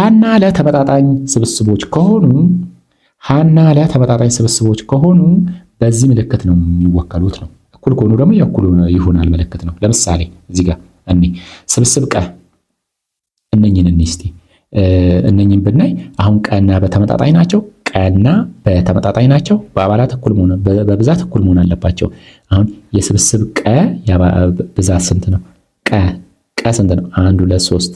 ሀና ለተመጣጣኝ ስብስቦች ከሆኑ ሀና ለተመጣጣኝ ስብስቦች ከሆኑ በዚህ ምልክት ነው የሚወከሉት ነው። እኩል ከሆኑ ደግሞ የእኩል ይሆናል ምልክት ነው። ለምሳሌ እዚህ ጋር እኔ ስብስብ ቀ እነኝን እኔ እስቲ እነኝን ብናይ አሁን ቀና በተመጣጣኝ ናቸው። ቀና በተመጣጣኝ ናቸው። በአባላት እኩል መሆን በብዛት እኩል መሆን አለባቸው። አሁን የስብስብ ቀ ብዛት ስንት ነው? ቀ ቀ ስንት ነው? አንድ ሁለት ሶስት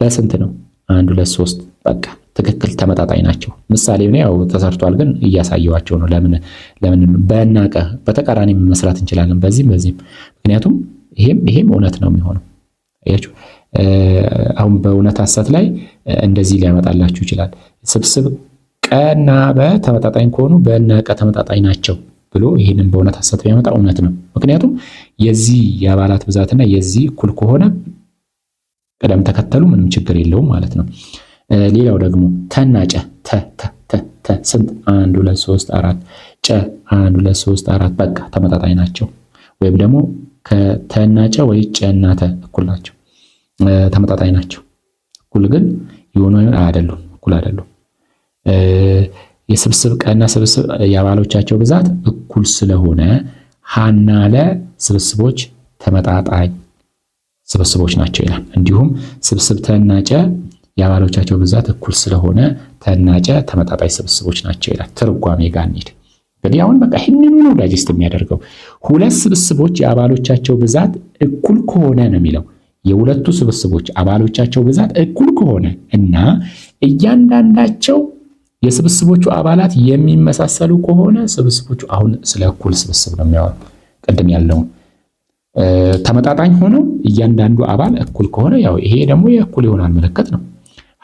በስንት ነው አንድ ሁለት ሶስት በቃ ትክክል ተመጣጣኝ ናቸው። ምሳሌ ነው ያው ተሰርቷል፣ ግን እያሳየዋቸው ነው። ለምን ለምን በእናቀ በተቃራኒ መስራት እንችላለን፣ በዚህም በዚህም ምክንያቱም ይሄም ይሄም እውነት ነው የሚሆነው። አያችሁ አሁን በእውነት ሐሰት ላይ እንደዚህ ሊያመጣላችሁ ይችላል። ስብስብ ቀና በተመጣጣኝ ከሆኑ በናቀ ተመጣጣኝ ናቸው ብሎ ይህንን በእውነት ሐሰት ቢያመጣ እውነት ነው። ምክንያቱም የዚህ የአባላት ብዛትና የዚህ እኩል ከሆነ ቅደም ተከተሉ ምንም ችግር የለውም ማለት ነው። ሌላው ደግሞ ተናጨ ጨ ተ ተ ተ ተ ስንት? አንድ ሁለት ሶስት አራት ጨ አንድ ሁለት ሶስት አራት በቃ ተመጣጣኝ ናቸው። ወይም ደግሞ ከተናጨ ወይ ጨና እኩል ናቸው፣ ተመጣጣኝ ናቸው። እኩል ግን የሆኑ አይደሉም፣ እኩል አይደሉም። የስብስብ ቀና ስብስብ የአባሎቻቸው ብዛት እኩል ስለሆነ ሀና ለ ስብስቦች ተመጣጣኝ ስብስቦች ናቸው ይላል። እንዲሁም ስብስብ ተናጨ የአባሎቻቸው ብዛት እኩል ስለሆነ ተናጨ ተመጣጣይ ስብስቦች ናቸው ይላል። ትርጓሜ ጋር እንሂድ። እንግዲህ አሁን በቃ ይህንኑ ነው ዳይጀስት የሚያደርገው። ሁለት ስብስቦች የአባሎቻቸው ብዛት እኩል ከሆነ ነው የሚለው የሁለቱ ስብስቦች አባሎቻቸው ብዛት እኩል ከሆነ እና እያንዳንዳቸው የስብስቦቹ አባላት የሚመሳሰሉ ከሆነ ስብስቦቹ አሁን ስለ እኩል ስብስብ ነው የሚያወራው ቅድም ያለውን ተመጣጣኝ ሆነው እያንዳንዱ አባል እኩል ከሆነ ያው ይሄ ደግሞ የእኩል ይሆናል ምልክት ነው።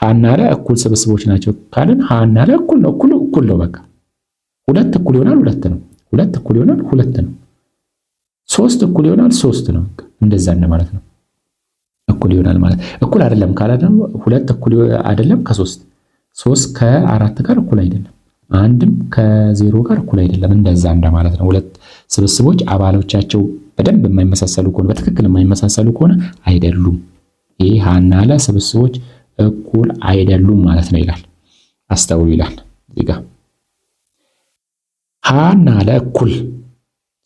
ሀና ለ እኩል ስብስቦች ናቸው ካልን ሀና ለ እኩል ነው እኩል እኩል ነው በቃ ሁለት እኩል ይሆናል ሁለት ነው። ሁለት እኩል ይሆናል ሁለት ነው። ሶስት እኩል ይሆናል ሶስት ነው። እንደዛ ማለት ነው። እኩል ይሆናል ማለት እኩል አይደለም ካለ ደግሞ ሁለት እኩል አይደለም ከሶስት ሶስት ከአራት ጋር እኩል አይደለም። አንድም ከዜሮ ጋር እኩል አይደለም፣ እንደዛ እንደማለት ነው። ሁለት ስብስቦች አባሎቻቸው በደንብ የማይመሳሰሉ ከሆነ በትክክል የማይመሳሰሉ ከሆነ አይደሉም። ይህ ሀና ለ ስብስቦች እኩል አይደሉም ማለት ነው ይላል። አስተውሉ ይላል እዚህ ጋር ሀና ለ እኩል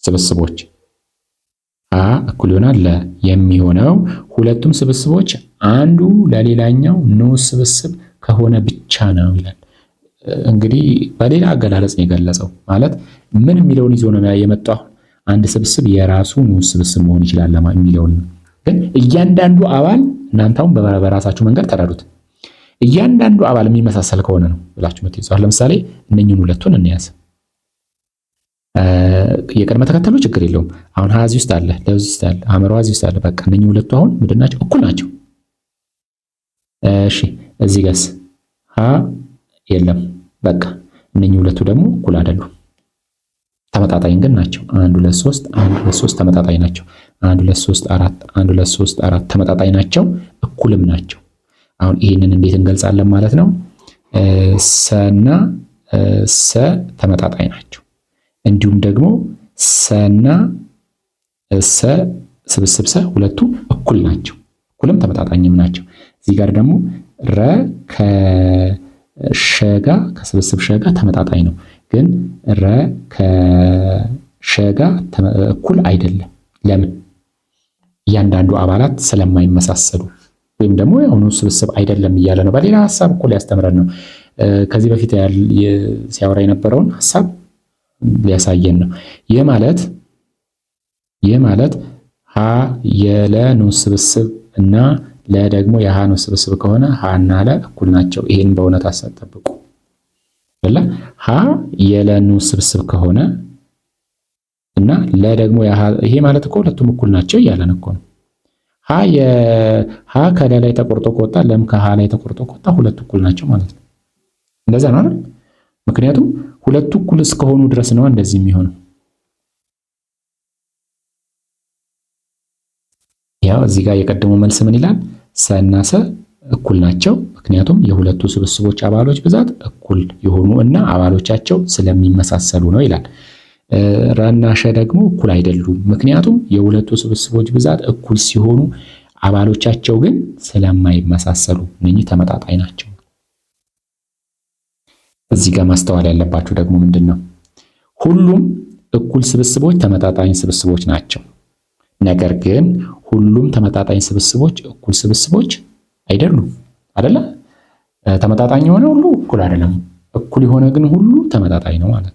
ስብስቦች ሀ እኩል ይሆናል ለ የሚሆነው ሁለቱም ስብስቦች አንዱ ለሌላኛው ንዑስ ስብስብ ከሆነ ብቻ ነው ይላል። እንግዲህ በሌላ አገላለጽ የገለጸው። ማለት ምን የሚለውን ይዞ ነው የመጣው? አንድ ስብስብ የራሱ ንዑስ ስብስብ መሆን ይችላል የሚለውን ግን እያንዳንዱ አባል እናንተውም በራሳችሁ መንገድ ተረዱት። እያንዳንዱ አባል የሚመሳሰል ከሆነ ነው ብላችሁ ምትይዘዋል። ለምሳሌ እነኝን ሁለቱን እንያዝ። የቅድመ ተከተሉ ችግር የለውም። አሁን ሀዚ ውስጥ አለ፣ ለዚ ውስጥ አለ፣ አምሮ ዚ ውስጥ አለ። በቃ እነኝ ሁለቱ አሁን ምንድን ናቸው? እኩል ናቸው። እሺ እዚህ ገስ ሀ የለም። በቃ እነኚህ ሁለቱ ደግሞ እኩል አይደሉም። ተመጣጣኝ ግን ናቸው። አንድ ሁለት ሶስት አንድ ሁለት ሶስት ተመጣጣኝ ናቸው። አንድ ሁለት ሶስት አራት አንድ ሁለት ሶስት አራት ተመጣጣኝ ናቸው፣ እኩልም ናቸው። አሁን ይህንን እንዴት እንገልጻለን ማለት ነው? ሰና ሰ ተመጣጣኝ ናቸው። እንዲሁም ደግሞ ሰና ሰ ስብስብ ሰ ሁለቱ እኩል ናቸው፣ እኩልም ተመጣጣኝም ናቸው። እዚህ ጋር ደግሞ ረ ከ ሸጋ ከስብስብ ሸጋ ተመጣጣኝ ነው፣ ግን ረ ከሸጋ እኩል አይደለም። ለምን? እያንዳንዱ አባላት ስለማይመሳሰሉ ወይም ደግሞ የአሁኑ ስብስብ አይደለም እያለ ነው። በሌላ ሀሳብ እኮ ሊያስተምረን ነው። ከዚህ በፊት ሲያወራ የነበረውን ሀሳብ ሊያሳየን ነው። ይህ ማለት ይህ ማለት ሀ የለኑ ስብስብ እና ለ ደግሞ የሀ ነው ስብስብ ከሆነ ሀ እና ለ እኩል ናቸው። ይሄን በእውነት አሳጠብቁ አይደለ? ሀ የለኑ ስብስብ ከሆነ እና ለ ደግሞ ይሄ ማለት እኮ ሁለቱም እኩል ናቸው እያለን እኮ ነው። ሀ የሀ ከለ ላይ ተቆርጦ ከወጣ ለም ከሀ ላይ ተቆርጦ ከወጣ ሁለቱ እኩል ናቸው ማለት ነው። እንደዛ ነው አይደል? ምክንያቱም ሁለቱ እኩል እስከሆኑ ድረስ ነው እንደዚህ የሚሆነው። ያው እዚህ ጋር የቀደሙ መልስ ምን ይላል? ሰና ሰ እኩል ናቸው። ምክንያቱም የሁለቱ ስብስቦች አባሎች ብዛት እኩል የሆኑ እና አባሎቻቸው ስለሚመሳሰሉ ነው ይላል። ራና ሸ ደግሞ እኩል አይደሉም። ምክንያቱም የሁለቱ ስብስቦች ብዛት እኩል ሲሆኑ አባሎቻቸው ግን ስለማይመሳሰሉ እነኚህ ተመጣጣኝ ናቸው። እዚህ ጋር ማስተዋል ያለባችሁ ደግሞ ምንድን ነው? ሁሉም እኩል ስብስቦች ተመጣጣኝ ስብስቦች ናቸው። ነገር ግን ሁሉም ተመጣጣኝ ስብስቦች እኩል ስብስቦች አይደሉም። አደለ ተመጣጣኝ የሆነ ሁሉ እኩል አይደለም። እኩል የሆነ ግን ሁሉ ተመጣጣኝ ነው ማለት ነው።